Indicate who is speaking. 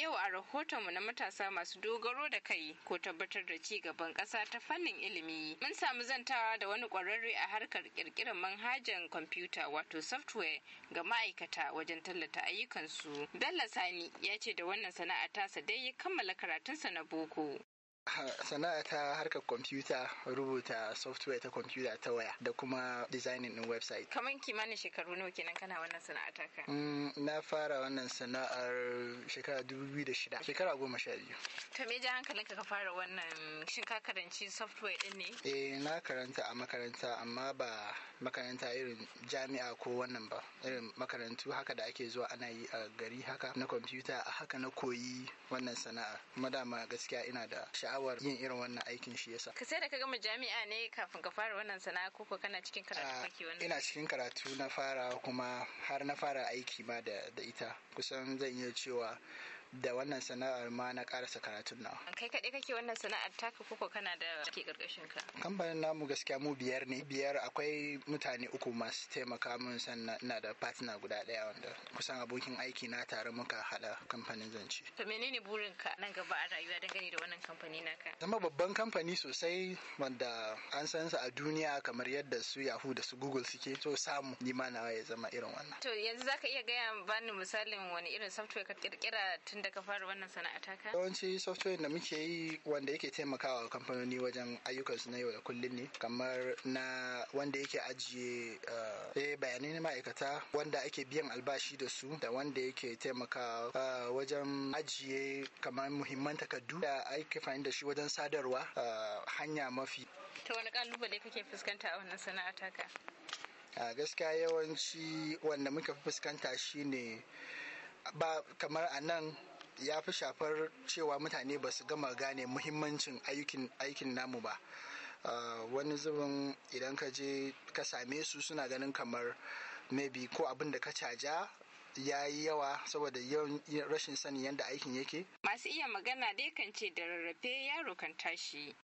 Speaker 1: yau a rahotonmu na matasa masu dogaro da kai ko tabbatar da ci gaban ƙasa ta fannin ilimi. Mun samu zantawa da wani ƙwararre a harkar ƙirƙirar manhajan kwamfuta wato software ga ma'aikata wajen tallata ayyukansu. Bello Sani ya ce da wannan sana'a tasa dai ya kammala karatunsa na boko.
Speaker 2: sana'a ta harkar kwamfuta rubuta software ta kwamfuta ta waya da kuma designing din website kamar
Speaker 1: kimanin shekaru nawa kenan kana wannan sana'a ta ka
Speaker 2: mm, na fara wannan sana'ar shekara 2006 shekara goma sha biyu
Speaker 1: to me ja hankalin ka fara wannan shin ka karanci software din ne
Speaker 2: eh na karanta a makaranta amma ba makaranta irin jami'a ko wannan ba irin makarantu haka da ake zuwa ana yi a gari haka na kwamfuta a haka na koyi wannan sana'a madama dama gaskiya ina da sha sha'awar yin irin wannan aikin shi yasa ka
Speaker 1: sai da ka gama jami'a ne kafin ka fara wannan sana'a ko ko kana cikin karatu ah, kake wannan ina
Speaker 2: cikin karatu na fara kuma har na fara aiki ma da ita kusan zan iya cewa da wannan sana'ar ma na karasa karatun na.
Speaker 1: Kai kaɗai kake wannan sana'ar taka koko kana da ke ƙarƙashin ka?
Speaker 2: Kamfanin namu gaskiya mu biyar ne. Biyar akwai mutane uku masu taimaka mun sannan ina da partner guda ɗaya wanda kusan abokin aiki na tare muka haɗa kamfanin zance.
Speaker 1: To menene burin ka nan gaba a rayuwa dangane da wannan kamfani naka?
Speaker 2: Zama babban kamfani sosai wanda an san sa a duniya kamar yadda su Yahoo da su Google suke so samu ni ma nawa ya zama irin wannan. To
Speaker 1: yanzu zaka iya gaya bani misalin wani irin software ka kirkira tun da ka fara wannan sana'a taka? Yawanci
Speaker 2: software da muke yi wanda yake taimakawa kamfanoni wajen ayyukansu na yau da kullum ne kamar na wanda yake ajiye eh, eh bayanai na ma'aikata wanda ake biyan albashi da su da wanda yake taimakawa eh, wajen ajiye kamar muhimman takardu da ake fahimta da shi wajen sadarwa eh, hanya mafi.
Speaker 1: Ta wani kalubale kake fuskanta a wannan sana'a taka?
Speaker 2: a gaskiya yawanci wanda muka fuskanta shine ba kamar a nan ya fi shafar cewa mutane ba su gama gane muhimmancin aikin namu ba ah, wani zubin idan ka je ka same su suna ganin kamar maybe ko abin da ka caja ya yi yawa saboda rashin sanin yadda aikin yake.
Speaker 1: Masu iya magana dai kan ce da rarrafe yaro kan tashi.